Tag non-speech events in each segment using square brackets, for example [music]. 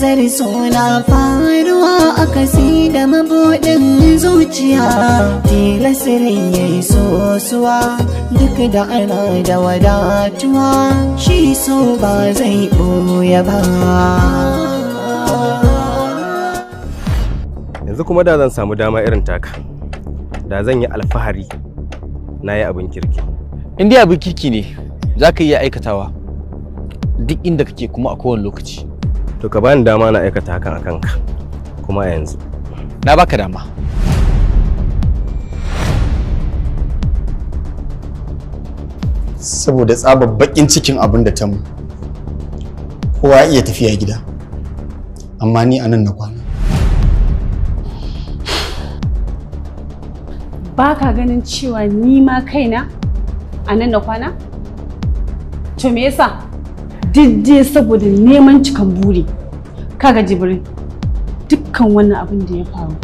nazar na faruwa a kasi da mabuɗin zuciya tilasirin ya yi sosuwa duk da ana da wadatuwa shi so ba zai ɓoye ba yanzu kuma da zan samu dama irin taka da zan yi alfahari na yi abin kirki indiya abin kirki ne za ka iya aikatawa duk inda kake kuma a kowane lokaci to ka bani dama na aikata hakan akan ka kuma yanzu na baka dama saboda tsaba bakin cikin abin da ta mu kowa iya tafiya gida amma ni anan na kwana ba ka ganin cewa ni ma kaina a nan kwana? To me yasa? didde saboda neman cikan buri kaga jibrin dukkan wannan abin da ya faru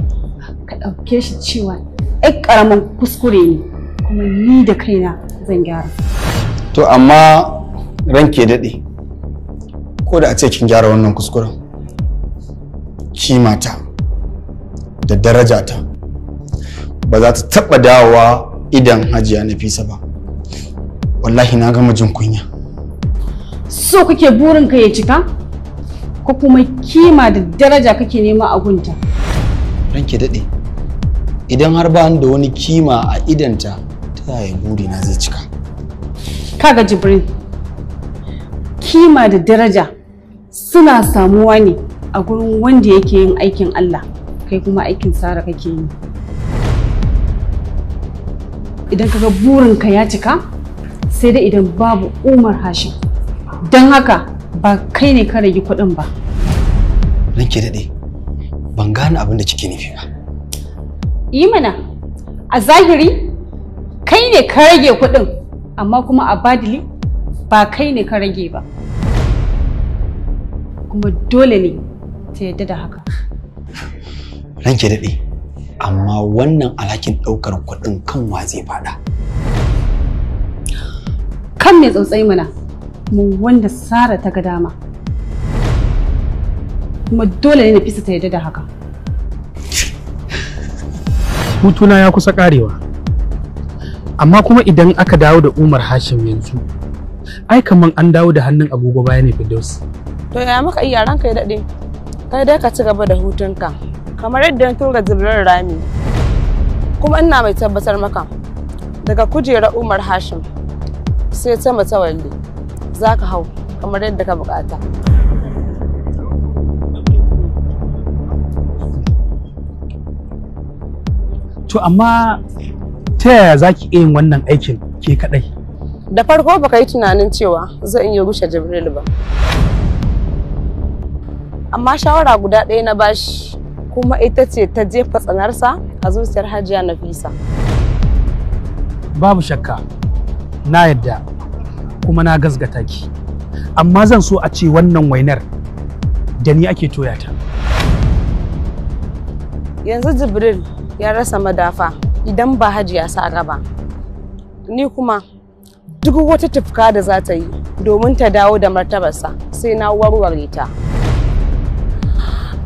ka ɗauke shi cewa ai ƙaramin kuskure ne kuma ni da kaina zan gyara to amma ranke daɗe ko da a ce kin gyara wannan kuskuren kimata da daraja ta, ba za ta taɓa dawowa idan hajiya nafisa ba wallahi na gama jin kunya so kake burinka ya cika ko kuma kima da daraja kake nema a gunta ranke daɗe idan har ba da wani kima a idanta ta yaya na zai cika kaga jibril kima da daraja suna samuwa ne a gurin wanda yake yin aikin allah kai kuma aikin sara kake yi idan kaga burinka ya cika sai dai idan babu umar hashim Don haka ba kai ne ka rage kuɗin ba. Ranke daɗe, ban gane abin da kike nufi ba. Yi mana, a zahiri kai ne ka rage kuɗin, amma kuma a badili ba kai ne ka rage ba. Kuma dole ne ta yadda da haka. Ranke daɗe, amma wannan alhakin ɗaukar kuɗin kan wa zai faɗa. Kan me tsautsai mana? mu wanda Sara ta ga dama. Kuma dole ne na fisa ta yadda da haka. Hutuna ya kusa karewa. Amma kuma idan aka dawo da Umar Hashim yanzu, ai kaman an dawo da hannun agogo baya ne Fidos. To ya maka iya ranka ya daɗe, kai dai ka ci gaba da hutunka, kamar yadda na tura zibirar rami. Kuma ina mai tabbatar maka, daga kujerar Umar Hashim sai ta mutawalli. za ka hau kamar yadda ka bukata. To amma ta yaya za ki yin wannan aikin ke kaɗai? Da farko baka yi tunanin cewa zan yi rushe Jibril ba. Amma shawara guda ɗaya na bashi kuma ita ce ta jefa tsanarsa a zuciyar hajiya na Fisa. Babu shakka, na yadda kuma na gasgata ki amma zan so a ce wannan wainar da ni ake toya ta yanzu jibril ya rasa madafa idan ba hajiya sa ba ni kuma duk wata tufka da za ta yi domin ta dawo da martabarsa sai na warware ta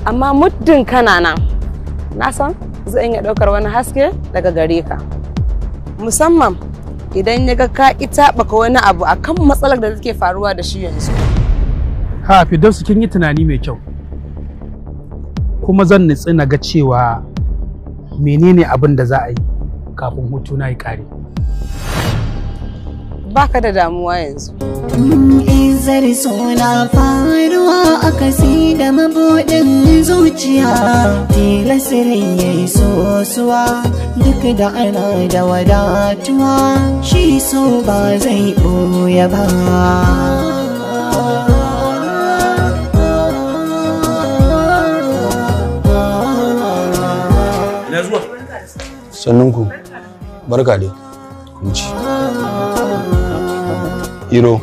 amma muddin kana na, na san zan iya ɗaukar wani haske daga gare ka musamman idan ya ga ka ki taɓaka wani abu akan matsalar da take faruwa da shi yanzu. Ha su kin yi tunani mai kyau. Kuma zan nutsi na ga cewa menene abin da za a yi kafin hutu na yi kare. Baka da damuwa yanzu. Mm, eh, zar na faruwa a kasi da mabuɗin zuciya tilasirin ya yi sosuwa duk da ana da wadatuwa shi so ba zai ɓoye ba sannunku barka dai kunci iro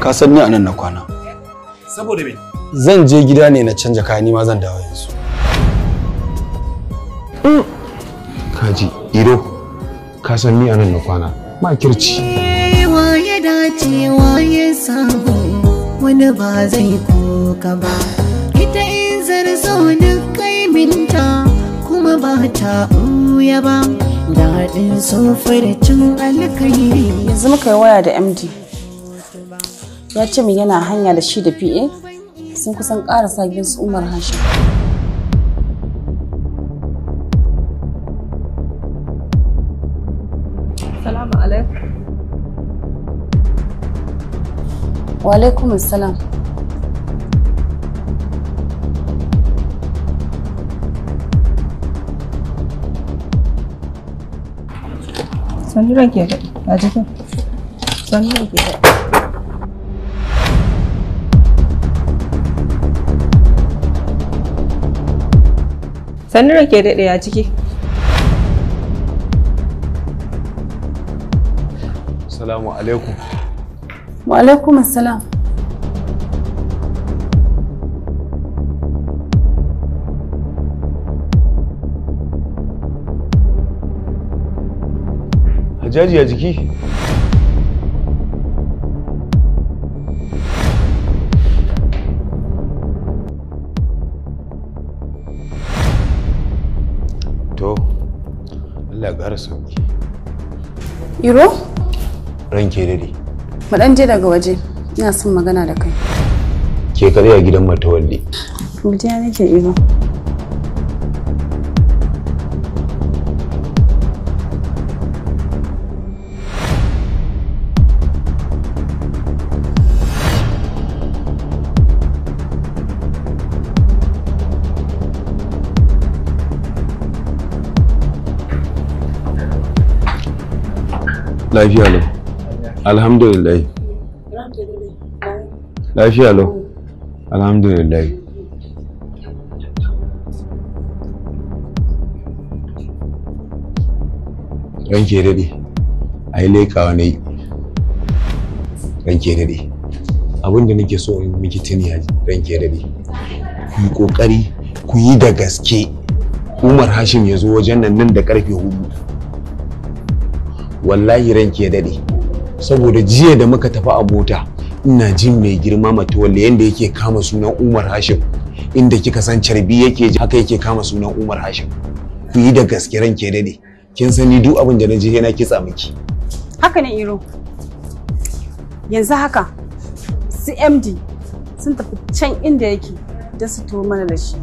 Ka san ni a nan na kwana. Saboda me? Zan je gida ne na canja kaya ni ma zan dawo yanzu. Mm. Kaji, Ido, ka san ni a nan na kwana. ma kirci eh, Waye dace waye sabo wani ba zai koka ba. Ita in zarzo duk kai minta kuma ba ta uya ba. Daɗin sofar cin alkairi. Yanzu muka yi waya da MD. ya ce min yana hanya da shi da pa sun kusan ƙara sagin su umar hashim salamu alaikum wa alaikum salam sani ranke da a jikin ranke da sannu rake daɗe a ciki salamu alaikum wa alaikum assalam Hajjaji ya jiki? ƙara sauki. Iro? Ranke dare. Mu ɗan je daga waje, ina son magana da kai. Ke kaɗai a gidan Matawalli. Mu je nake Iro. Lafiya lau. Alhamdulillah. Lafiya lau. Alhamdulillah. Ranke daɗe, a yi laikawa na yi. Ranke daɗe, abin da nake so in miki tuni a ranke daɗe. Ku yi ƙoƙari, ku yi da gaske. Umar Hashim ya zo wajen nan nan da ƙarfe hudu. wallahi ranke ya saboda jiya da muka tafi a mota, ina jin mai girma mata wanda yanda yake kama sunan Umar Hashim inda kika san carbi yake haka yake kama sunan Umar Hashim ku yi da gaske ranke ya kin sani duk abin da na ji yana kitsa miki haka ne iro yanzu haka CMD, sun tafi can inda yake da su mana da shi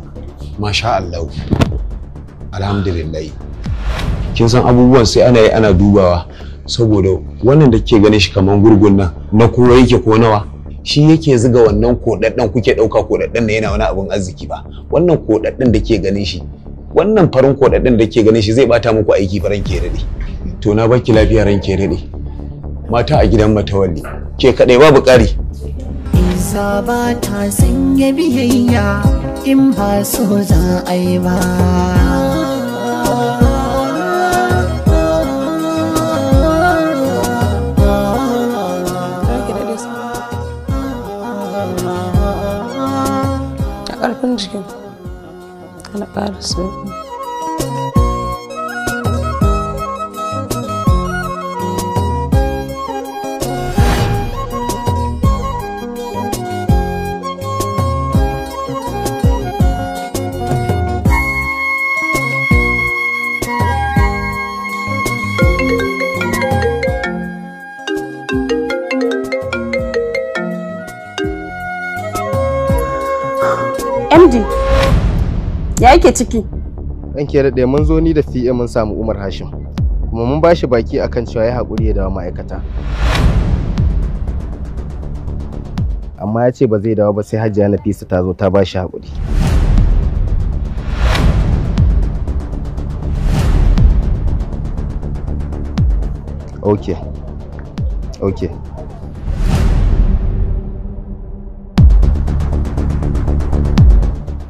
masha Allah alhamdulillah kin san abubuwan sai ana yi ana dubawa saboda wannan da ke ganin shi kaman gurgun nan na kowa yake ko nawa shi yake zuga wannan kodaddan kuke dauka kodaddan ne yana wani abun arziki ba wannan kodaddan da ke ganin shi wannan farin kodaddan da ke ganin shi zai bata muku aiki farin ke dade to na baki lafiya ran ke dade mata a gidan matawalli ke kadai babu kari isa ba ta sanya biyayya in ba so za ai ba bandido. Era Ela o Ya yake ciki? Ɗan ke daɗe mun zo ni da fiye mun samu Umar Hashim. Kuma mun ba shi baki akan cewa ya hakuri ya dawo ma'aikata. Amma ya ce ba zai dawo ba sai Hajiya Nafisa ta zo ta ba shi hakuri. Okay. Okay.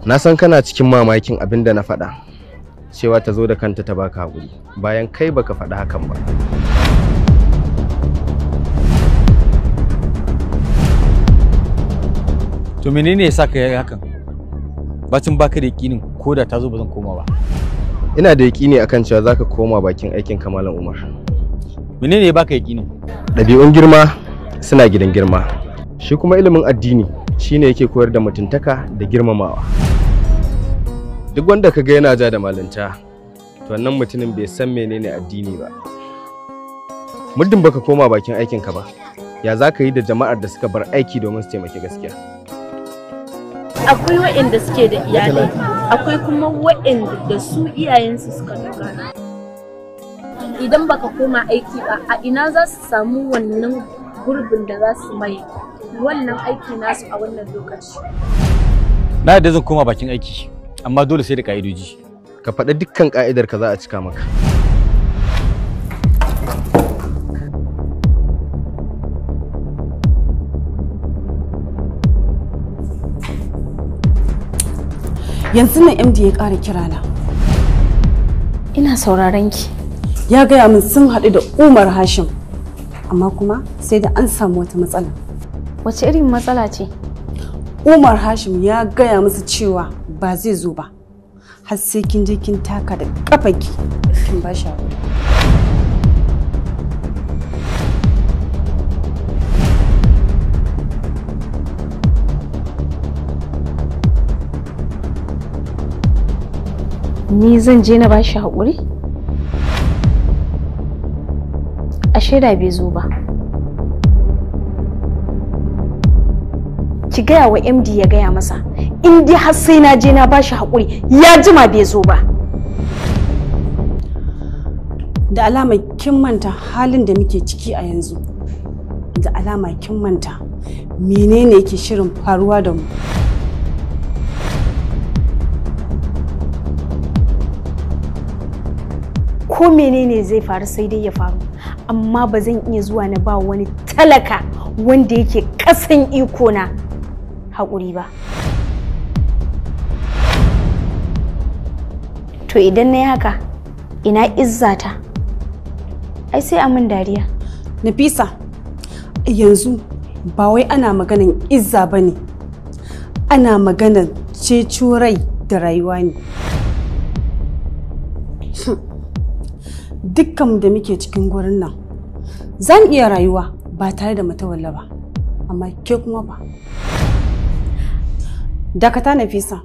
na san kana cikin mamakin abin da na faɗa cewa ta zo da kanta ta baka haƙuri bayan kai baka faɗa hakan ba to menene ya sa ka yi hakan bacin baka da yakinin ko da ta zo ba zan koma ba ina da yakini akan cewa zaka koma bakin aikin kamalan umar menene ya baka yakinin ɗabi'un girma suna gidan girma shi kuma ilimin addini shine yake koyar da mutuntaka da girmamawa duk wanda kaga yana ja da malanta to wannan mutumin bai san menene addini ba muddin baka koma bakin aikinka ba ya za ka yi da jama'ar da suka bar aiki domin su taimaki gaskiya akwai wa'inda suke da iyali, akwai kuma wa'inda da su iyayensu suka dogara idan baka koma aiki ba a ina za su samu wannan gurbin da za su mai wannan aiki nasu a wannan lokaci na yadda zan koma bakin aiki amma dole sai da ka'idoji ka faɗa dukkan ka'idar ka za a cika maka yanzu nan MD ya ƙara kirana ina sauraron ki ya gaya min sun haɗu da Umar Hashim amma kuma sai da an samu wata matsala wace irin matsala ce umar hashim ya gaya musu cewa ba zai zo ba har sai kin je kin taka da kafaki kin ba shi Ni zan je na ba shi haƙuri? Ashe da bai zo ba. ki gaya wa md ya gaya masa in dai har sai na je na bashi haƙuri ya jima bai zo ba da alama kin manta halin da muke ciki a yanzu da alama kin manta menene yake shirin faruwa da mu ko menene zai faru sai dai ya faru amma ba zan iya zuwa na ba wani talaka wanda yake kasan ikona haƙuri ba to idan na yi haka ina izzata ai sai amin dariya nafisa yanzu ba wai ana maganan izza ba ne ana maganan ceci rai da rayuwa ne hm. dukkan da muke cikin gurin nan zan iya rayuwa ba tare da matawalla ba amma ke kuma ba Dakata Nafisa.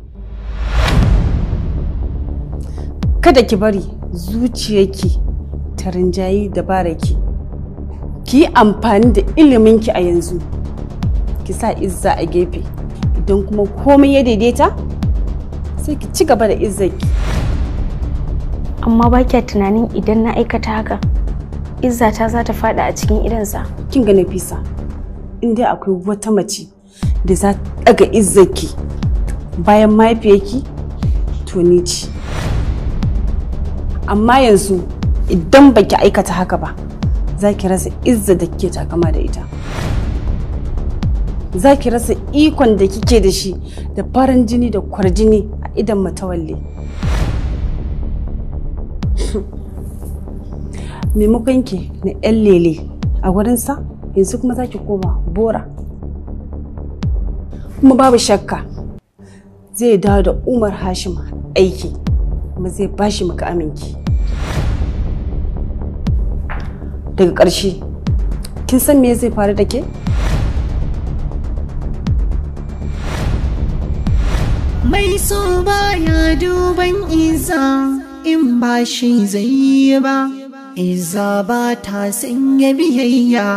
Kada ki bari zuciyarki ta rinjayi dabararki. Ki amfani da iliminki a yanzu. Ki sa izza a gefe. Idan kuma komai ya daidaita, sai ki ci gaba da izzarki. Amma ba kya tunanin idan na aikata haka, izza ta za ta fada a cikin idansa. Kin ga Nafisa, in dai akwai wata mace da za ta ɗaga izzarki. bayan mahaifiyarki to ni ce amma yanzu idan baki aikata haka ba za ki rasa izza da kike takama da ita za ki rasa ikon da kike da shi da farin jini da kwarjini a idan matawalle [laughs] maimakon ki na 'yan lele a sa yanzu kuma za ki koma bora kuma babu shakka zai dawo da umar hashim aiki kuma zai bashi maka aminki daga ƙarshe kin san me zai faru da ke mai so ba ya duban isa in ba shi zai yi ba isa ba ta sanya biyayya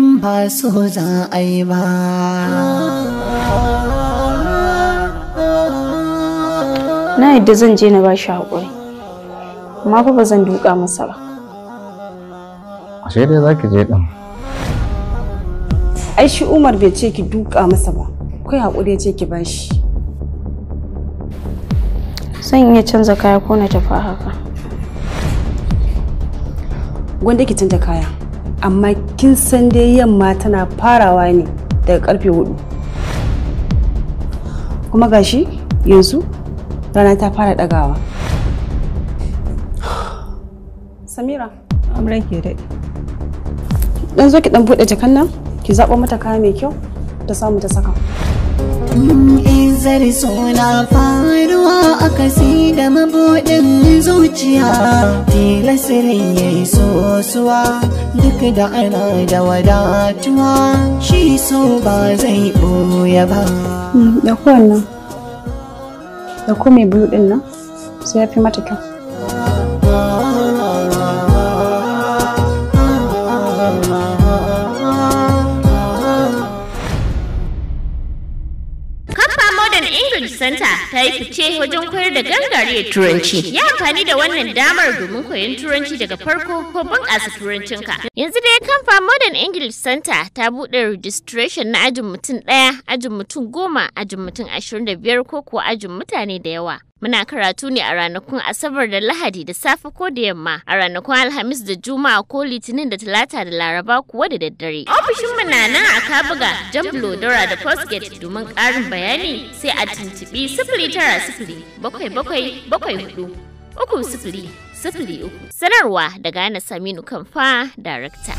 in ba so za a yi ba na yadda zan je na bashi haƙuri amma fa ba zan duka masa ba ashe dai za je ɗin ai shi umar bai ce ki duka masa ba kai haƙuri ya ce ki bashi zan iya canza kaya ko na tafi haka gwanda ki canza kaya amma kin san dai yamma tana farawa ne daga karfe hudu kuma gashi yanzu rana ta fara ɗagawa. Samira, amran ke daɗi. Dan zo ki dan buɗe jakan nan, ki zaɓo mata kaya mai kyau ta samu ta saka. In zari suna faruwa a kasi da mabuɗin zuciya, tilasirin ya yi sosuwa duk da ana da wadatuwa, shi so ba zai ɓoye ba. Mm, da kowannan. da mai bulu din nan sai ya fi mata kyau Center ta yi fice wajen koyar da gangare turanci. Ya amfani da wannan damar domin koyon turanci daga farko ko bunƙasa turancinka. Yanzu da dai kamfa Modern English Center ta buɗe registration na ajin mutum ɗaya, ajin mutum goma, ajin mutum ashirin da biyar ko kuwa ajin mutane da yawa. Muna karatu ne a ranakun Asabar da Lahadi da safe ko da yamma, a ranakun Alhamis da Juma'a ko Litinin da Talata da Laraba kuwa da daddare. ofishin mu na nan a Kabuga, Jamblo, Dora da Postgate domin ƙarin bayani sai a tuntuɓi sifili tara sifili bakwai bakwai bakwai hudu uku uku. Sanarwa da Ana Saminu Kamfa, Darakta.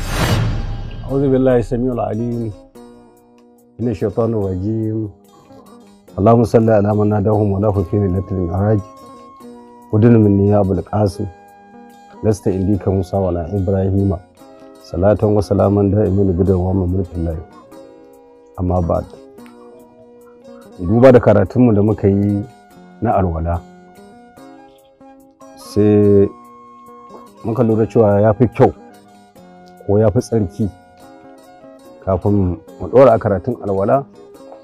Auzubillahi Saminu Sami'ul Aliyu, ina shaitanun wajiyu. اللهم صل على من ناداهم وله في ليلة المعراج ودن من يا أبو القاسم لست عندك موسى ولا إبراهيم صلاة وسلام دائما بدا وما ملك الله أما بعد duba da karatunmu da muka yi na alwala sai muka lura cewa ya fi kyau ko ya fi tsarki kafin mu ɗora a karatun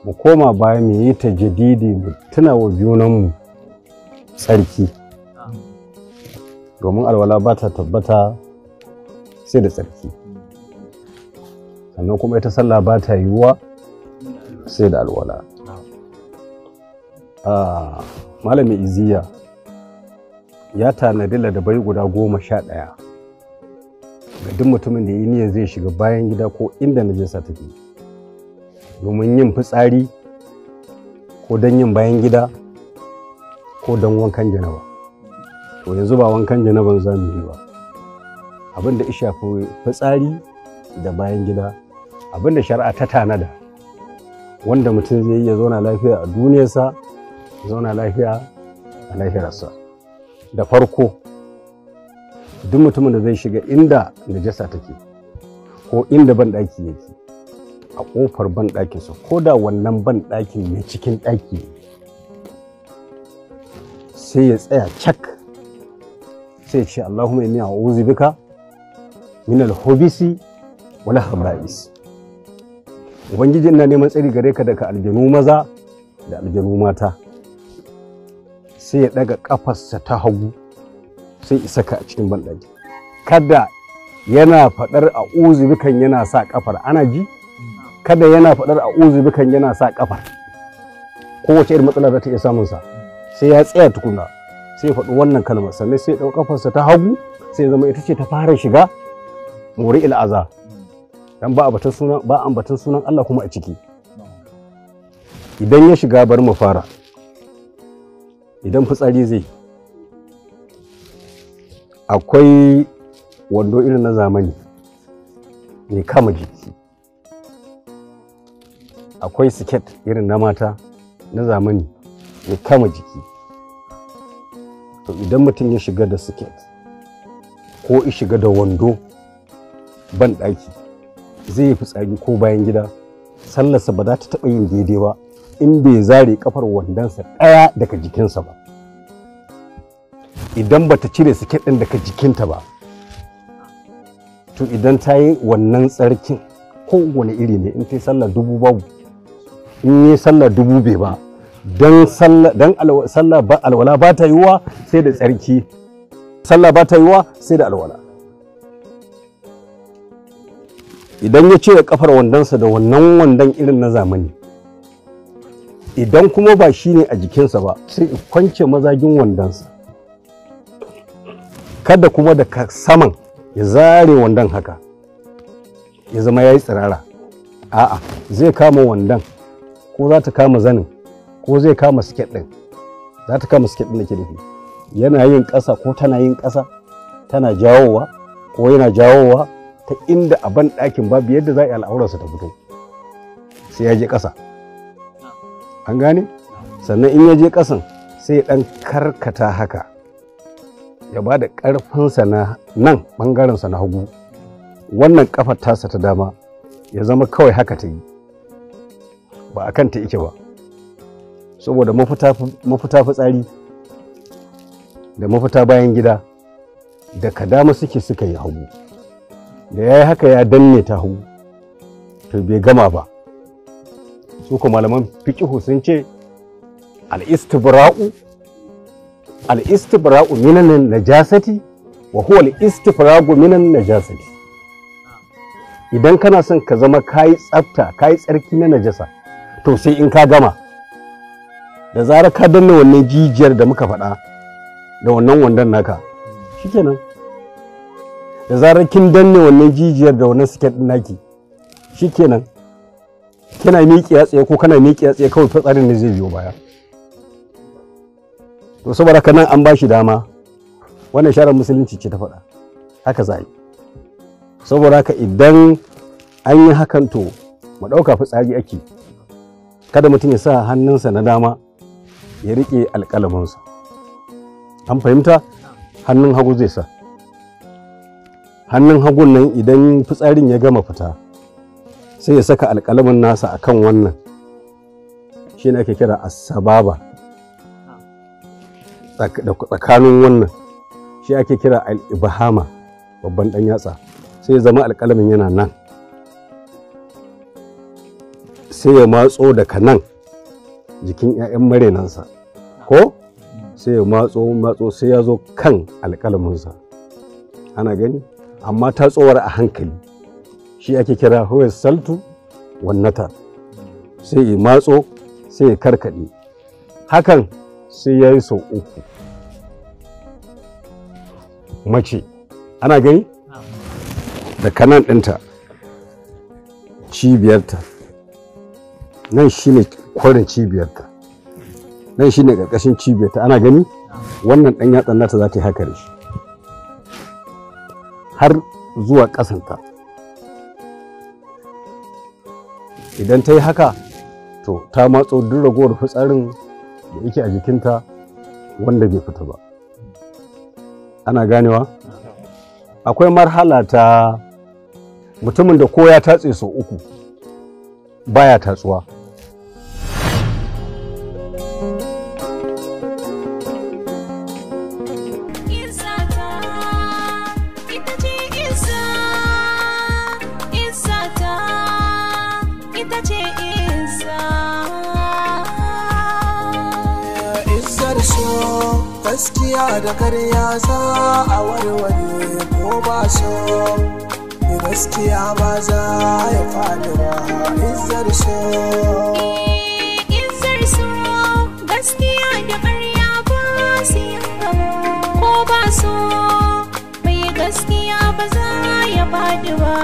mu koma baya mu yi ta jadidi mu tuna wa junanmu tsarki domin alwala ba ta tabbata sai da tsarki sannan kuma ita sallah ba ta yiwuwa sai da alwala ah, malami iziya ya tanadi ladabai guda goma sha ɗaya ga duk mutumin da ya niyyar zai shiga bayan gida ko inda najasa take domin yin fitsari ko don yin bayan gida ko don wankan janaba to yanzu ba wankan janaban za mu yi ba abin da ko fitsari da bayan gida abin da shari'a ta tanada wanda mutum zai iya zauna lafiya a duniyarsa zauna lafiya a lahirarsa da farko duk mutumin da zai shiga inda najasa take ko inda ban banɗaki yake a kofar ban ɗakinsa ko da wannan ban ɗakin mai cikin ɗaki sai ya tsaya cak sai ya ce Allahumma inni a'udhu bika min al-hubisi wal khaba'is ubangiji ina neman tsari gare ka daga aljanu maza da aljanu mata sai ya daga kafarsa ta hagu sai isa ka a cikin banɗaki kada yana faɗar a uzu bikan yana sa kafar ana ji kada yana faɗar a uzu kan yana sa ƙafar. kowace irin matsala da ta iya samun sa sai ya tsaya tukuna sai ya faɗi wannan kalmar sannan sai ya ɗau ta hagu sai zama ita ce ta fara shiga mori il'aza dan ba abatan sunan ba ambatan sunan Allah kuma a ciki idan ya shiga bar mu fara idan fitsari zai akwai wando irin na zamani mai kama jiki akwai siket irin na mata na zamani mai kama jiki to idan mutum ya shiga da siket ko ya shiga da wando ban ɗaki zai yi fitsari ko bayan gida sallarsa ba za ta taɓa yin daidai ba in bai zare kafar wandonsa ɗaya daga jikinsa ba idan ba ta cire siket ɗin daga jikinta ba to idan ta yi wannan tsarkin kowane iri ne in ta yi sallar dubu babu in yi sallah dubu bai ba don sallah ba alwala ba ta yiwuwa sai da tsarki sallah ba ta yiwuwa sai da alwala idan ya cire kafar wandonsa da wannan wandan irin na zamani idan kuma ba shi ne a jikinsa ba sai kwance mazagin wandonsa kada kuma da saman ya zare wandon haka ya zama ya yi tsirara a'a zai kama wandan. ko za ta kama zanin ko zai kama siket ɗin za ta kama siket ɗin da ke nufi yana yin ƙasa ko tana yin ƙasa tana jawowa ko yana jawowa ta inda a ban ɗakin babu yadda za a yi al'aurarsa ta fito sai ya je ƙasa an gane sannan in ya je ƙasan sai dan ɗan karkata haka ya ba da ƙarfinsa na nan ɓangarensa na hagu wannan ƙafar tasa ta dama ya zama kawai haka ta yi ba a kanta yake ba saboda mafita fitsari da mafita bayan gida da kadama suke suka yi hagu da ya yi haka ya danne ta hagu to bai gama ba su kuma malaman fikihu sun ce al'istibra'u al'istibra'u minan najasati wa huwa minan najasati idan kana son ka zama kayi tsafta kayi tsarki na najasa to sai in ka gama da zarar ka danna wannan jijiyar da muka faɗa da wannan wandon naka shikenan da zarar kin danne wannan jijiyar da wannan siket din naki shikenan kina miƙiya tsaye ko kana miƙiya tsaye kawai fitsarin ne zai biyo baya to saboda haka nan an ba shi dama wannan sharar musulunci ce ta faɗa haka za yi saboda haka idan an yi hakan to mu ɗauka fitsari ake kada mutum ya sa hannunsa na dama ya riƙe alƙalaminsa an fahimta hannun hagu zai sa hannun hagun nan idan fitsarin ya gama fita sai ya saka alƙalamin nasa a kan wannan shi ne ake kira asababa tsakanin wannan shi ake kira al'ibahama babban ɗan yatsa sai ya zama alƙalamin yana nan sai ya matso daga nan jikin 'ya'yan marainansa, ko sai ya matso matso sai ya zo kan sa? ana gani amma tatsowar a hankali shi ake kira huwa saltu wannata sai ya matso sai ya karkaɗe hakan sai ya yi sau uku mace ana gani da kanan ɗinta cibiyarta nan shine kwarin cibiyarta nan shine karkashin cibiyarta ana gani wannan ɗan yatsan nata za ta yi haka da har zuwa ƙasanta idan ta yi haka to ta matso duk ragowar fitsarin da yake a jikinta wanda bai fita ba ana ganewa akwai marhala ta mutumin da ko ya tatse sau uku baya tatsuwa da karya za a warware ko ba so gaskiya ba za ya faɗi ba izar so eh, izar so gaskiya da karya ba su yi ko ba so mai gaskiya ba za ya faɗi ba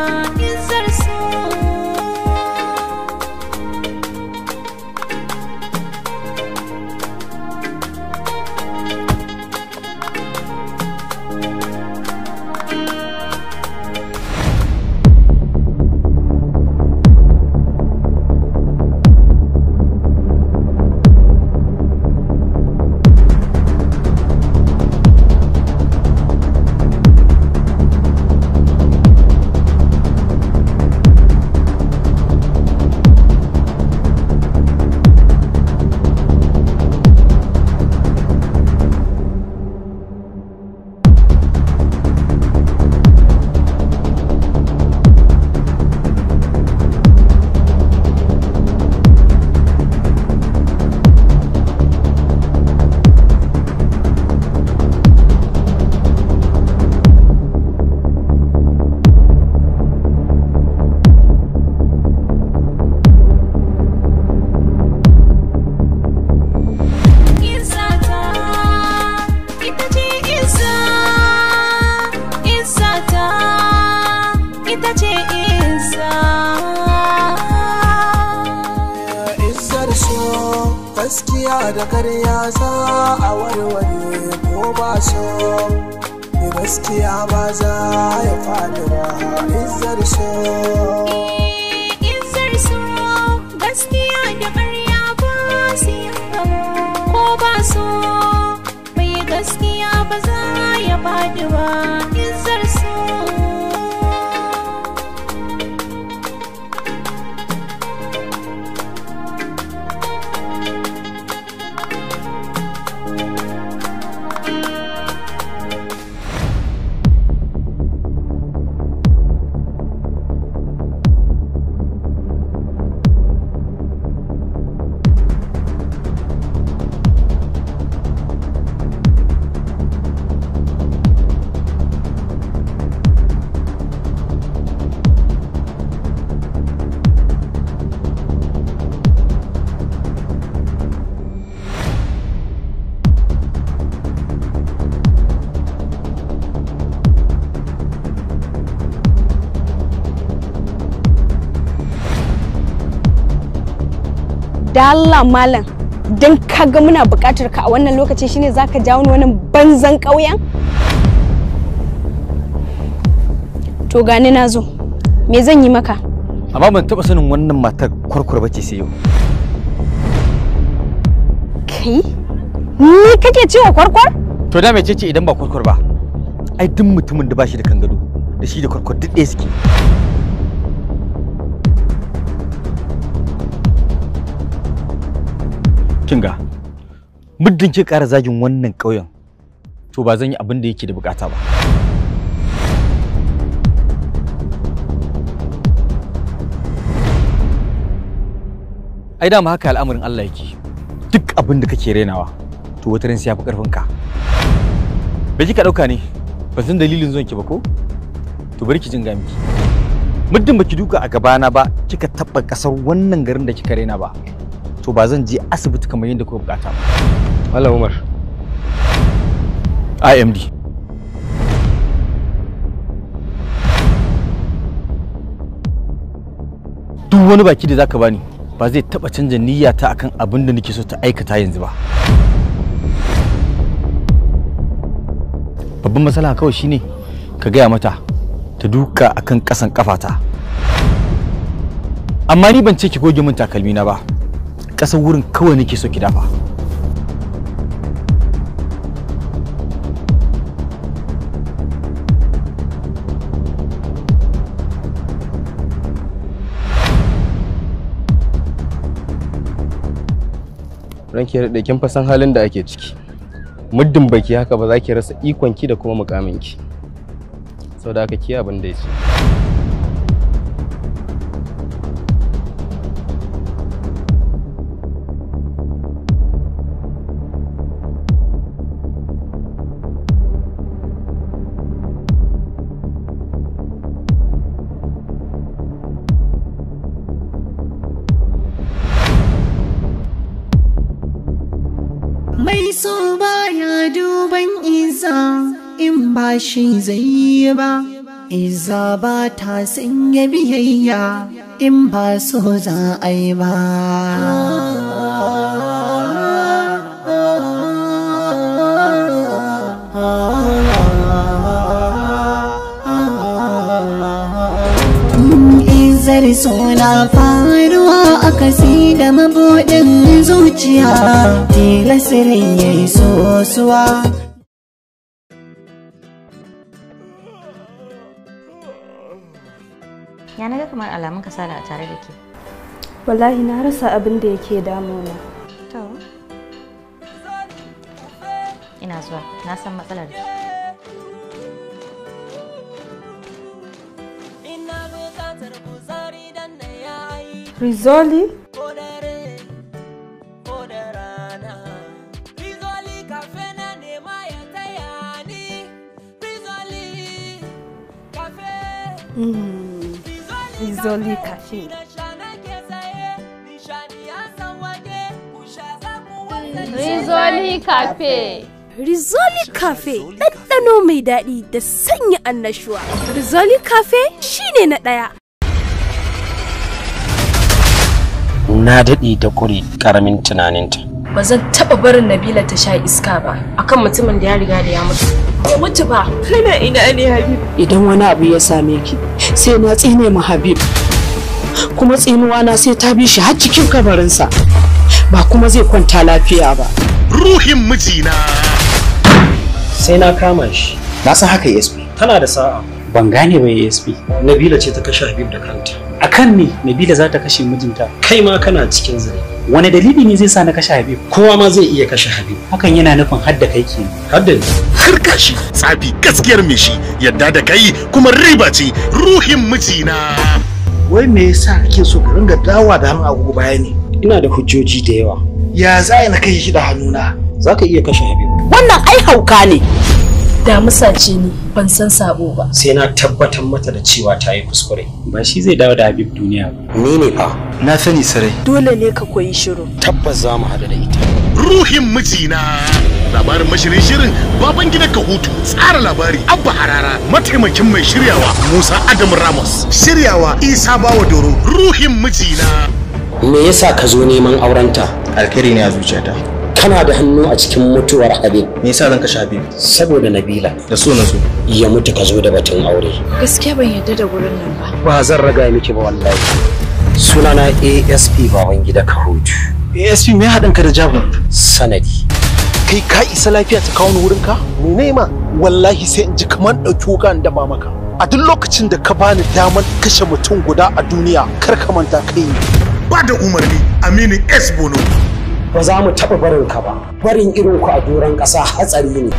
so gaskiya ba za ya faɗi ba izar so eh, izar so gaskiya da ƙarya ba su yi ko ba so mai gaskiya ba za ya faɗi ba izar so dalla malam don kaga muna buƙatar ka a wannan lokaci shine za ka jawo wannan banzan ƙauyen? To gani na zo, me zan yi maka? Amma ban taba sanin wannan matar kwarkwar bace sai yau. Kai? Ni kake cewa kwarkwar? To da me ce idan ba kwarkwar ba? Ai duk mutumin da ba shi da kangado da shi da kwarkwar duk ɗaya suke. Kinga, muddin ki ƙara zagin wannan ƙauyen, to ba zan yi abin da yake da bukata ba. Ai dama haka al'amarin Allah yake. Duk abin da kake renawa, to wata ran sai yafi ƙarfinka. Bai ka dauka ne, ba san dalilin zuwan ki ba ko? To bari ki jin ga miki. Muddin baki duka a gabana ba, kika taɓa kasar wannan garin da kika rena ba. to ba zan je asibiti kamar yadda kuka bukata ba Malam Umar IMD duk wani baki da zaka bani ba zai taba canja niyyata akan abin da nake so ta aikata yanzu ba babban matsala kawai shine ka gaya mata ta duka akan kasan kafata amma ni ban ce ki goge min takalmi na ba ƙasar wurin kawai nake so ki dafa Ranke da kin fa san halin da ake ciki muddin baki haka ba za ki rasa ikonki da kuma mukaminki da haka ki abin da ya ce shi zai yi ba iza ba ta sanya biyayya in ba so za a yi ba izar suna faruwa a kasi da mabuɗin zuciya tilasirin ya yi sosuwa ya naga kamar alamun kasala a tare da ke wallahi na rasa abin da yake damuna to ina zuwa na san matsalar Rizoli? Mm. zoli cafe Rizoli Cafe. Rizoli Cafe ɗanɗano mai daɗi da sanya annashuwa. Rizoli Cafe shine na ɗaya. Na daɗi da ƙuri ƙaramin tunaninta. ba zan taba barin Nabila ta sha iska ba akan mutumin da ya riga da ya mutu. Ya mutu ba. Kana ina ne Habib. Idan wani abu ya same ki sai na tsine mu Habib. Kuma tsinuwa na sai ta bi shi har cikin kabarinsa. Ba kuma zai kwanta lafiya ba. Ruhin mijina. Sai na kama shi. Na san haka ESP. Tana da sa'a. Ban gane ba ESP. Nabila ce ta kashe Habib da kanta. A kan me Nabila za ta kashe mijinta kai ma kana cikin zai wani dalili ne zai sa na kashe Habib kowa ma zai iya kashe Habib hakan yana nufin hadda kai ke hadda ne harka shi tsafi gaskiyar me shi yadda da kai kuma riba ce ruhin mijina wai me yasa kake so ka ringa dawa da hannun agogo baya ne ina da hujjoji da yawa ya za na kai shi da hannuna za ka iya kashe Habib wannan ai hauka ne damusa ce ni ban san sabo ba sai na tabbatar mata da cewa ta yi kuskure ba shi zai dawo da habib duniya ba ni ne fa na sani sarai dole ne ka koyi shiru tabbas za mu haɗu da ita ruhin mijina labarin mashirin shirin baban gida hutu tsara labari abba harara mataimakin mai shiryawa musa adam ramos shiryawa isa bawa doro ruhin mijina me yasa ka zo neman aurenta alkhairi ne a zuciyata kana da hannu a cikin mutuwar Habib. Me yasa zan kashe Habib? Saboda Nabila. Da so na so. Ya mutu ka zo da batun aure. Gaskiya ban yarda da gurin nan ba. Ba zan raga miki ba wallahi. Sunana ASP baban gida Kahutu. ASP me haɗin ka da Jabir? Sanadi. Kai ka isa lafiya ta kawo ni wurin ka? Ni ma wallahi sai in ji kamar ɗauki wukan da ba maka. A duk lokacin da ka bani damar kashe mutum guda a duniya kar ka manta kai. Ba da umarni Aminu S. Bono. ba za mu taɓa barin ka ba barin irin ku a doron ƙasa hatsari ne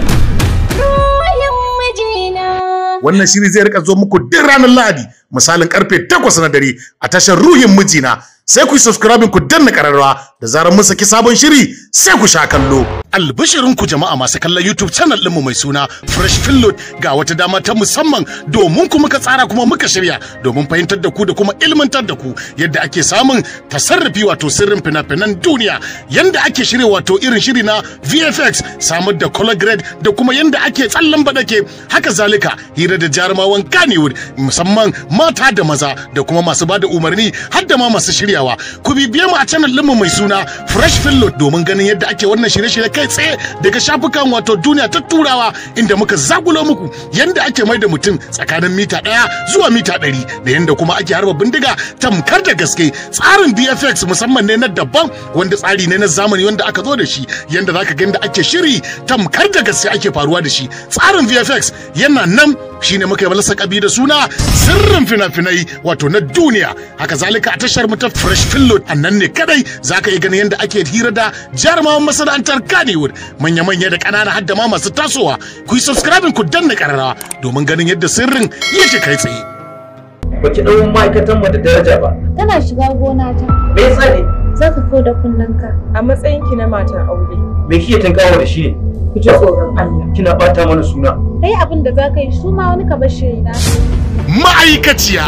wannan shiri zai rika zo muku duk ranar Lahadi misalin karfe 8 na dare a tashar Ruhin Mijina sai ku subscribe ku danna kararrawa da zarar mun saki sabon shiri sai ku sha kallo. Albishirin ku jama'a masu kallon YouTube channel ɗinmu mai suna Fresh Filload ga wata dama ta musamman domin ku muka tsara kuma muka shirya domin fahimtar da ku da kuma ilmantar da ku yadda ake samun tasarrufi wato sirrin fina-finan duniya yadda ake shirya wato irin shiri na VFX samar da color grade da kuma yadda ake tsallan ke. haka zalika hira da jarumawan Kannywood musamman mata da maza da kuma masu bada umarni har da ma masu shiryawa ku bibiye mu a channel ɗinmu mai suna suna Fresh Fillow domin ganin yadda ake wannan shirye-shirye kai tsaye daga shafukan wato duniya ta turawa inda muka zagulo muku yadda ake mai da mutum tsakanin mita ɗaya zuwa mita ɗari da yadda kuma ake harba bindiga tamkar da gaske tsarin VFX musamman ne na daban wanda tsari ne na zamani wanda aka zo da shi yadda zaka ga yadda ake shiri tamkar da gaske ake faruwa da shi tsarin VFX yana nan shine muka yi lasakabi da suna sirrin fina-finai wato na duniya haka zalika a tashar mu ta fresh pillow a nan ne kadai za ka yi ganin yadda ake hira da jarumawan masana'antar kanewood manya-manya da ƙanana har ma masu tasowa ku yi subscribing ku danna ƙararrawa domin ganin yadda sirrin yake kai tsaye. Baki ɗau ma'aikatan mu da daraja ba. Tana shiga gona ta. Me yasa ne? za ka kau da kunnenka a matsayinki na matar aure. Me kike tankawa da shi ne? Ku ji tsoron Allah. Kina bata mana suna. Kai abin da za ka yi su ma wani ka bar shi na. Ma'aikaciya.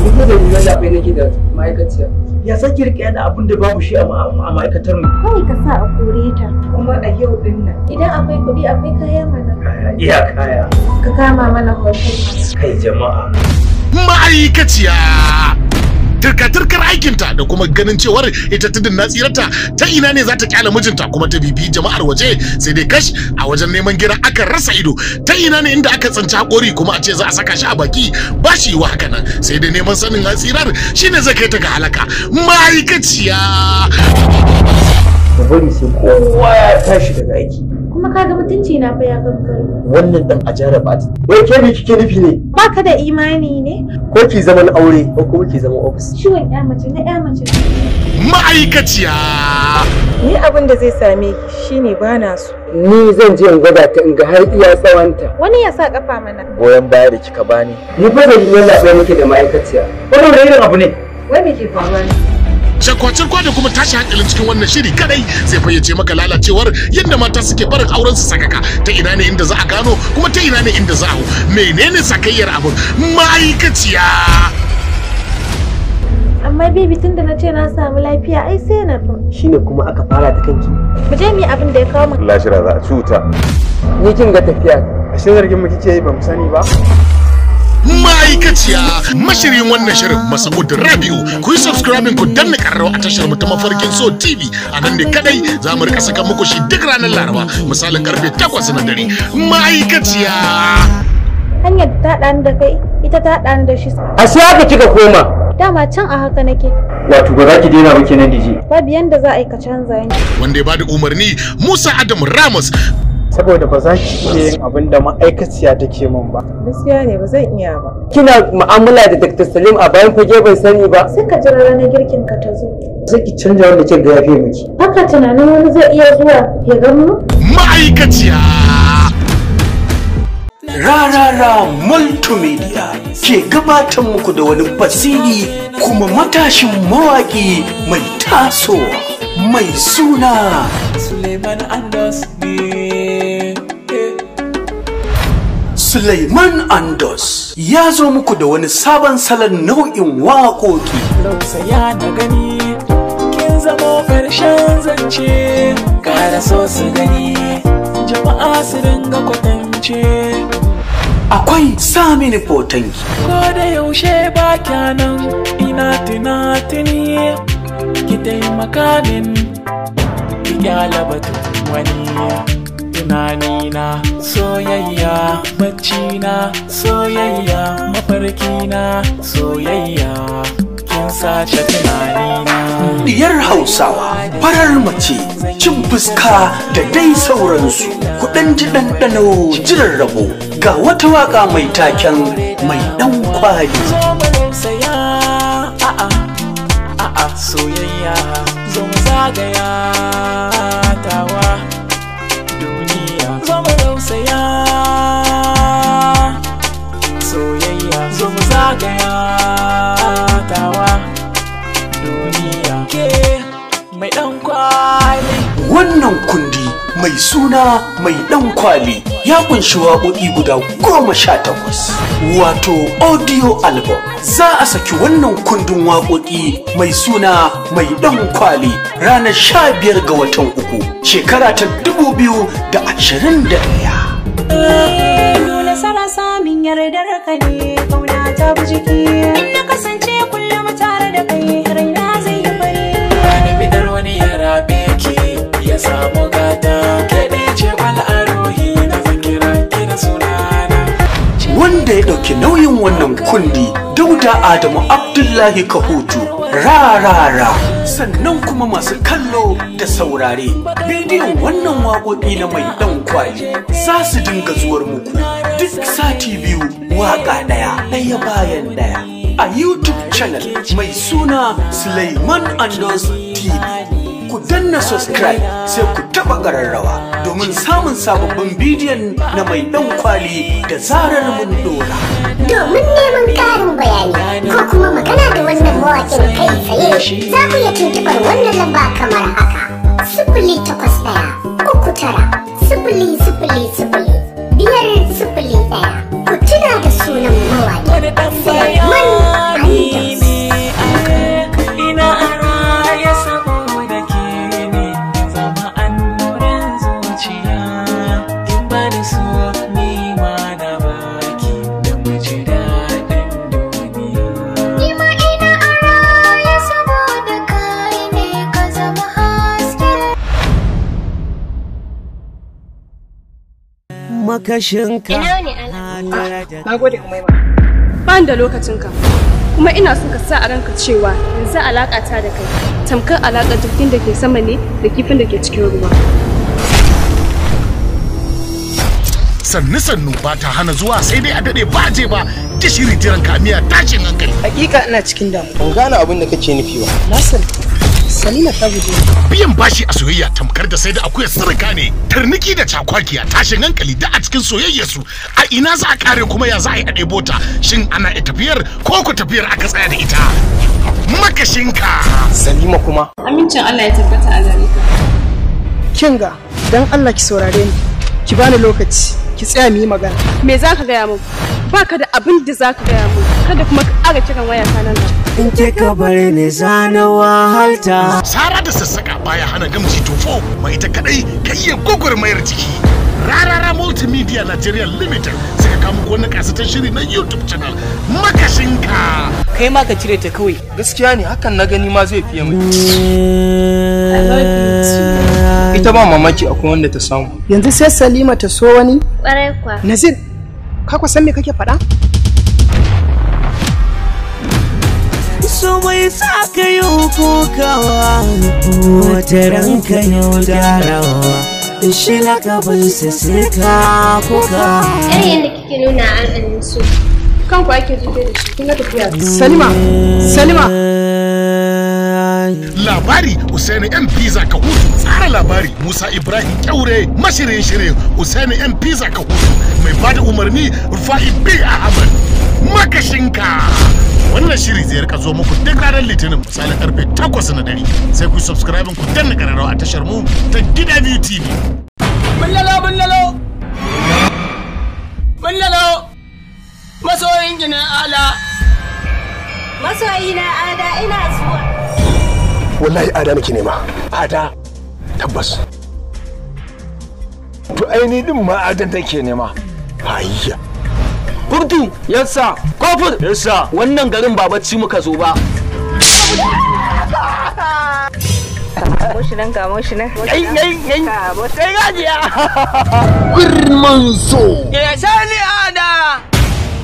Duk da ruwan zaɓe bai nake da ma'aikaciya. Ya sake rike yana abin da babu shi a ma'aikatar mu. Kawai ka sa a kore ta. Kuma a yau din nan. Idan akwai kuɗi akwai kaya mana. Kaya iya kaya. Ka kama mana hotel. Kai jama'a. Ma'aikaciya. turka-turkar aikinta da kuma ganin cewar ita tudun na ta ina ne za ta kyale mijinta kuma ta bibi jama'ar waje sai dai kash a wajen neman gida aka rasa ido ta ina ne inda aka tsinci hakori kuma a ce za a saka shi a baki ba shi yiwa haka nan sai dai neman sanin asirar shine zai kai ta ga halaka ma'aikaciya bari sai ya tashi daga aiki kuma ka ga mutunci na fa ya kankare wannan dan a jaraba ta wai ke me kike nufi ne ba ka da imani ne ko ki zaman aure ko kuma ki zaman ofis ciwon ya mace na ya mace ma'aikaciya ni abin da zai same ki shine ba na so ni zan je in gwada ta in ga har iya tsawanta wani ya sa kafa mana goyon baya da kika bani ni fa zan yi lafiya muke da ma'aikaciya wannan rayuwar abu ne wai me ke faruwa ne shakwacin da kuma tashi hankalin cikin wannan shiri kadai zai fayyace maka lalacewar yadda mata suke barin auren su sakaka ta ina ne inda za a gano kuma ta ina ne inda za a menene sakayyar abun ma'aikaciya amma bibi tun da na ce na samu lafiya ai sai na fi shine kuma aka fara ta kanki mu je mu abin da ya kawo mu lashira za a cuta ni kin ga tafiya ashe zargin mu kike yi ba mu sani ba ma'aikaciya mashirin wannan shirin Masa'ud Rabiu ku yi subscribing ku danna karrawa a tashar mu ta mafarkin so TV a nan ne kadai za mu rika saka muku shi duk ranar Laraba misalin karfe 8 na dare ma'aikaciya hanyar ta dan da kai ita ta dan da shi a sai haka kika koma dama can a haka nake wato ba za ki daina ba kenan dije babu yanda za a yi ka canza yanki wanda ya bada umarni Musa Adam Ramos saboda ba za ki iya yin abin da ma'aikaciya take min ba. Gaskiya ne ba zan iya ba. Kina mu'amala da Dr. Salim a bayan fage ban sani ba. Sai ka jira ranar girkin ka ta zo. Sai ki canja wanda ke ga yafe miki. Haka tunanin wani zai iya zuwa ya ga mu? Ma'aikaciya. Rarara Multimedia ke gabatar muku da wani basiri kuma matashin mawaƙi mai tasowa. mai suna Suleiman Andos ne. Suleiman Andos ya zo muku da wani sabon salon nau'in waƙoƙi. ya na gani, kin zama ƙarshen zance, ƙara so su gani, jama'a su dinga kwatance. akwai samini fotanki. Ko da yaushe ba kyanan ina tunatuni ki taimaka min ki kyala batun wani tunanina soyayya na soyayya mafarkina soyayya kin sace tunanina diyar hausawa farar mace cin fuska da dai sauransu kudan ji ɗanɗano jiran rabo ga wata waka mai taken mai ɗan kwali soyayya zo mu zagaya mai suna mai ɗan kwali ya kunshi waƙoƙi guda goma sha takwas wato audio album za a saki wannan kundin waƙoƙi mai suna mai ɗan kwali ranar sha biyar ga watan uku shekara ta dubu biyu da ashirin da ɗaya. Eh, samu ga tare da kai raina zai wanda ya ɗauki nauyin wannan kundi dauda adamu abdullahi kahutu rarara sannan kuma masu kallo da saurare bidiyon wannan waƙoƙi na mai ɗan kwali za su dinga zuwar muku duk sati biyu waƙa ɗaya ɗaya bayan ɗaya a youtube channel mai suna Suleiman Andos TV. ku danna subscribe sai ku taba ƙararrawa domin samun sababbin bidiyon na mai ɗan kwali da zarar mun dora. Domin neman karin bayani ko kuma magana da wannan mawakin kai tsaye za ku iya tuntuɓar wannan lamba kamar haka. Sifili takwas ɗaya uku tara sifili sifili sifili biyar sifili kashin ka. ne Allah ah, na gode ban da ka, kuma ina so ka sa a ranka cewa yanzu alaka ta da kai tamkar alaka jirgin da ke sama ne da kifin da ke cikin ruwa sannu-sannu ba ta hana zuwa sai dai a dade ba je ba ta shiri jiran kamiya tashin hankali. Hakika ina cikin damu. Ban gane abin da kake nufi ba. Nasir, Salina ta guje. Biyan bashi a soyayya tamkar da sai da akwai sirrika ne. Tarniki da cakwakiya tashin hankali da a cikin soyayyar su. A ina za a kare kuma ya za a yi a ɗebo ta. Shin ana tafiyar ko ku tafiyar aka tsaya da ita. Makashinka. Salima kuma. Amincin Allah ya tabbata a gare ka. Kinga, dan Allah ki saurare ni. Ki bani lokaci, ki tsaya mu yi magana. Me za ka gaya min? ka da abin da za ka gaya min. kada kuma ƙara kiran waya ta nan in kika bari ni zana wahalta sara da sassaka baya hana gamji tofo mai ita kadai ka iya gwagwarmayar jiki rarara multimedia nigeria limited suka kama wani kasatan shiri na youtube channel makashinka kai ma ka cire ta kawai gaskiya ne hakan na gani ma zai fiye mai ita ba mamaki akwai wanda ta samu yanzu sai salima ta so wani kwarai kwa nazir ka san me kake faɗa so mai sa ka yi kawa. wata ranka yau darawa shi lakabin su sai ka kuka yan yadda kike nuna al'anin su kan ku ake zuke da shi kuma tafiya salima salima labari Usaini M Pizza hutu tsara labari Musa Ibrahim Kyaure mashirin shirin Usaini M Pizza hutu mai bada umarni Rufa'i B Ahmad makashinka wannan shiri zai rika zo muku duk ranar litinin misalin karfe 8 na dare sai ku subscribe ku danna kararrawa a tashar mu ta gida biyu tv bullalo bullalo bullalo masoyin gina ala masoyina ada ina zuwa wallahi ada nake nema ada tabbas to aini din ma adan take nema hayya Kurtu. yasa Kofur. yasa. Wannan garin ba bacci muka zo ba. Moshinan ga moshinan. Yai yai yai. Kai gajiya. Birman so. Ya ni ada.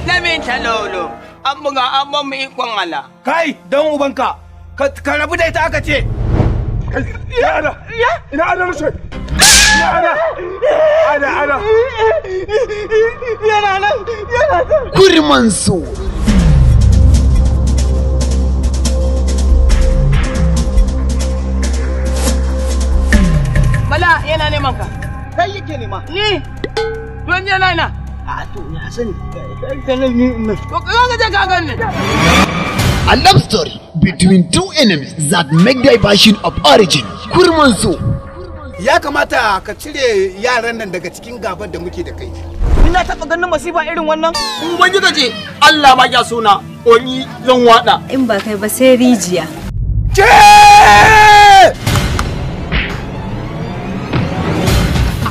Lamin talolo. An buga an ban mu ikon ala. Kai dan ubanka. Ka rabu da ita aka ce. Ya ada. Ya. Ina ada rushe. Ana, Bala yana neman ka. Kai yake nema. Ni. Don ina. A to ya sani. Kai nan ni ina. To ka je ka A love story between two enemies that make diversion of origin. Kurmansu. ya kamata ka cire yaran nan daga cikin gaban da muke da kai ina taɓa ganin masifa irin wannan in ban ce, Allah ba ya sona oni zan wada in ba kai ba sai rijiya ke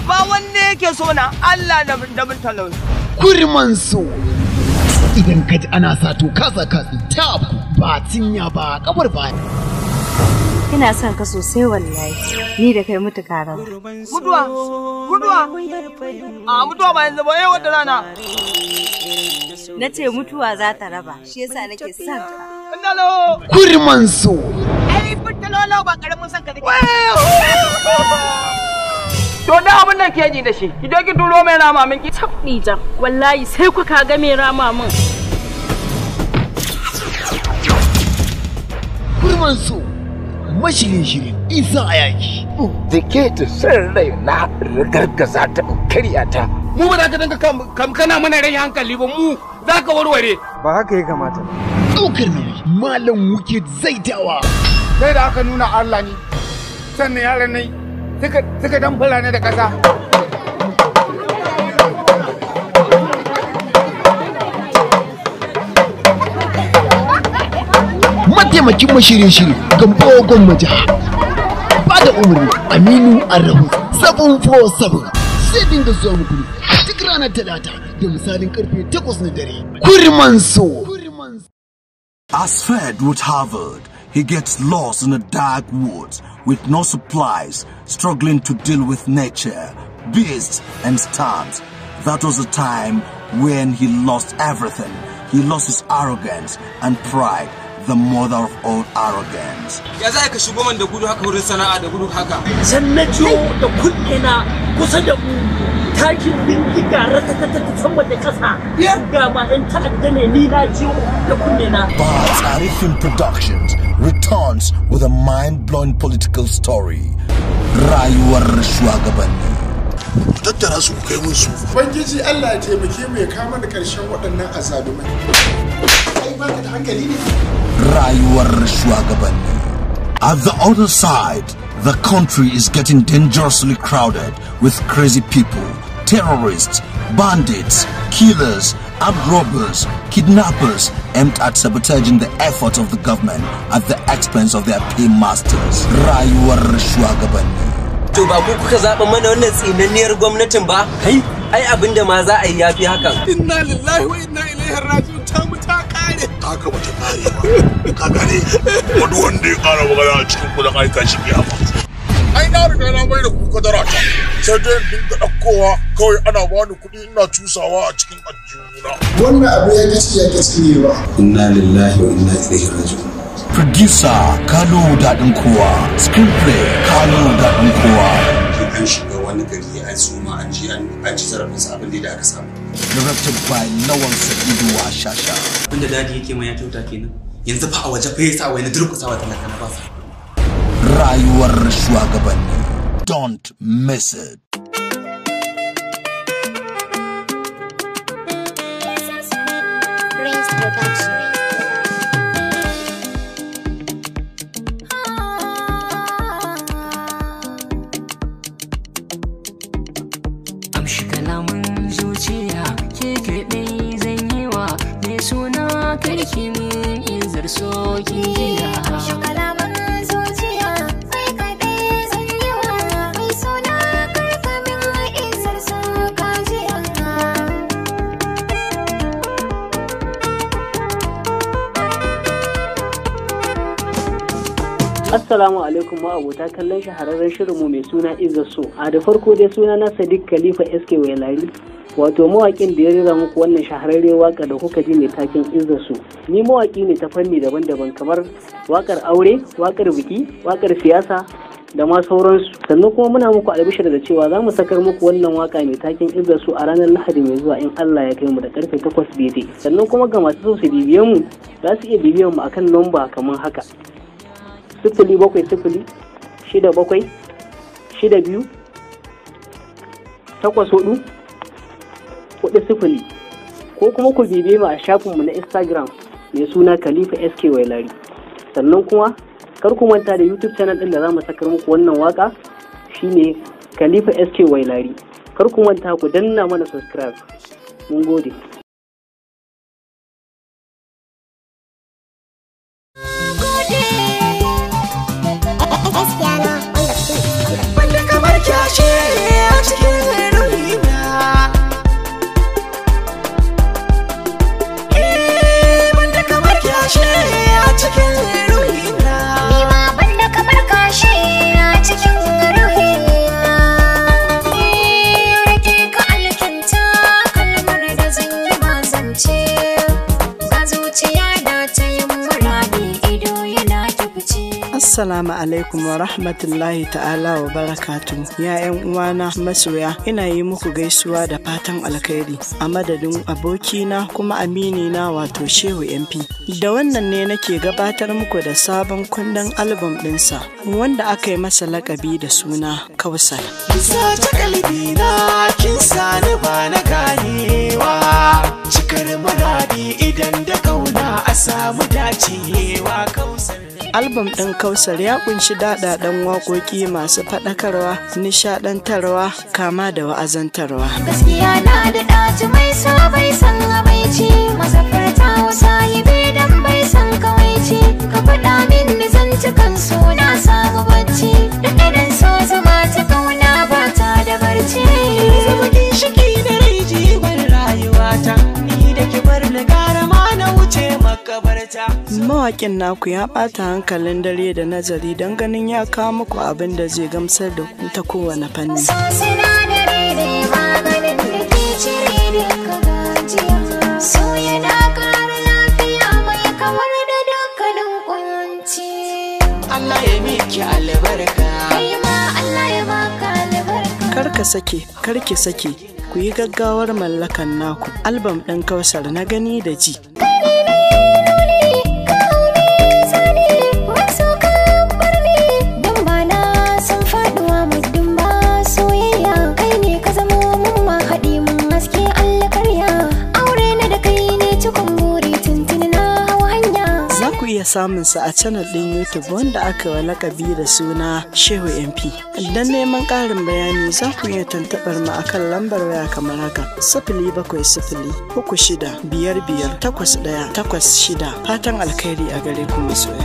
ba wanne yake sona Allah da mun talau kurman so idan ka ji ana sato kasa katsi tabu ba cinya ba kabar ba ina son ka sosai wallahi ni da kai mutu karan mutuwa mutuwa a mutuwa ba yanzu ba yau eh, wata rana na ce mutuwa za ta raba shi yasa nake son ka kurman su ai fitalolo ba karamin son ka dake To da abin nan keji da shi, ki je ki turo mai rama min ki. Tabbi jan, wallahi sai ku ka ga mai rama min. Kurman su. mashirin-shirin isa a yaki. Dike ta san rai na ragargaza ta karya ta. Mu ba za ka danka kamkana mana rai hankali ba mu za ka warware. Ba haka ya kamata. Ɗaukar nauyi Malam zai dawa. Sai da aka nuna Allah ne, sannan yaran nai suka ne da ƙasa. mataimakin mashirin shiri umarni aminu arahu 747 sai dinga zuwa muku duk ranar talata da misalin karfe 8 na dare kurman so As fed would Harvard, he gets lost in the dark woods with no supplies, struggling to deal with nature, beasts, and storms. That was a time when he lost everything. He lost his arrogance and pride. the mother of all arrogance. Ya za ka shigo man da gudu haka wurin sana'a da gudu haka? Zan na da kuɗina kusa da mu takin bindiga ratatata ta sama da ta'adda ne ni na jiwo da kuɗina. ba Arifin Productions returns with a mind-blowing political story. Rayuwar shugabanni. tattara su kai mun su. Ubangiji Allah ya taimake mu ya kama da ƙarshen waɗannan azalumai. Ai ba ka da hankali ne. rayuwar shugabanni. At the other side, the country is getting dangerously crowded with crazy people, terrorists, bandits, killers, armed robbers, kidnappers aimed at sabotaging the efforts of the government at the expense of their paymasters. Rayuwar shugabanni. to ba ku kuka zaɓa mana wannan tsinanniyar gwamnatin ba kai ai abinda ma za a yi yafi hakan inna lillahi wa inna ilaihi raji'un ta mu ta kare haka bata kare ba ka gane wani wanda ya kara magana a cikin kudin aika shi ya ba ai na riga na mai da kuka kadara ta sai dai dinga ɗaukowa kawai ana bani kuɗi ina cusawa a cikin aljihuna wannan abu ya kace ya kace ne ba inna lillahi wa inna ilaihi raji'un producer kano daɗin kowa screenplay kano daɗin kowa an shiga wani gari an suma an ji an ci zarafinsa abin da aka samu directed by Lawan Sa'idu Washasha. Wanda daji yake mai ya kyauta kenan. Yanzu fa a waje fa ya wai na durƙusawa talaka na ba Rayuwar shugabanni. Don't miss it. Assalamu alaikum ma'abota kallon shahararren shirin mu mai suna Iza So. A da farko dai suna na Sadiq Khalifa SK Wailari. Wato mawaƙin da ya rera muku wannan shahararren waka da kuka ji mai takin Iza So. Ni mawaƙi ne ta fanni daban-daban kamar wakar aure, waƙar biki, waƙar siyasa, da ma sauransu sannan kuma muna muku albishir da cewa za mu sakar muku wannan waka mai takin izar su a ranar lahadi mai zuwa in Allah ya kai mu da karfe 8 daidai sannan kuma ga masu so su bibiyan mu za su iya bibiyan mu akan lamba kamar haka sifili bakwai sifili shida bakwai shida biyu takwas hudu hudu sifili ko kuma ku bibe mu a shafinmu na instagram mai suna kalifa sk wailari sannan kuma kar ku manta da youtube channel din da za mu sakar muku wannan waka shine kalifa sk wailari kar ku manta ku danna mana subscribe mun gode rahmatullahi ta'ala wa barakatu ya yan uwana masoya ina yi muku gaisuwa da fatan alkhairi a madadin abokina kuma aminina wato shehu mp da wannan ne nake gabatar muku da sabon kundin album ɗinsa wanda aka yi masa lakabi da suna kausar bisa kalbina sani ba na cikar muradi idan da kauna a samu dacewa kausa albam ɗin kausar ya kunshi daɗaɗen waƙoƙi masu faɗakarwa nishaɗantarwa kama da wa'azantarwa gaskiya na da ɗaci mai sa san abaici masafarta wasa yi dan bai san kawaici ka faɗa min ni zan cikan so na samu bacci irin so Mawaƙin naku ya ɓata hankalin dare da nazari don ganin ya kawo muku abin da zai gamsar da ku ta kowane fanni. Allah sake, kar sake, ku yi gaggawar mallakan naku albam ɗin kausar na gani da ji. iya samunsa a canal ɗin YouTube wanda aka wa lakabi da suna Shehu MP. Don neman ƙarin bayani za ku iya tantabar mu akan lambar waya kamar haka. Sifili bakwai sifili uku shida biyar biyar ɗaya takwas shida fatan alkhairi a gare ku masoya.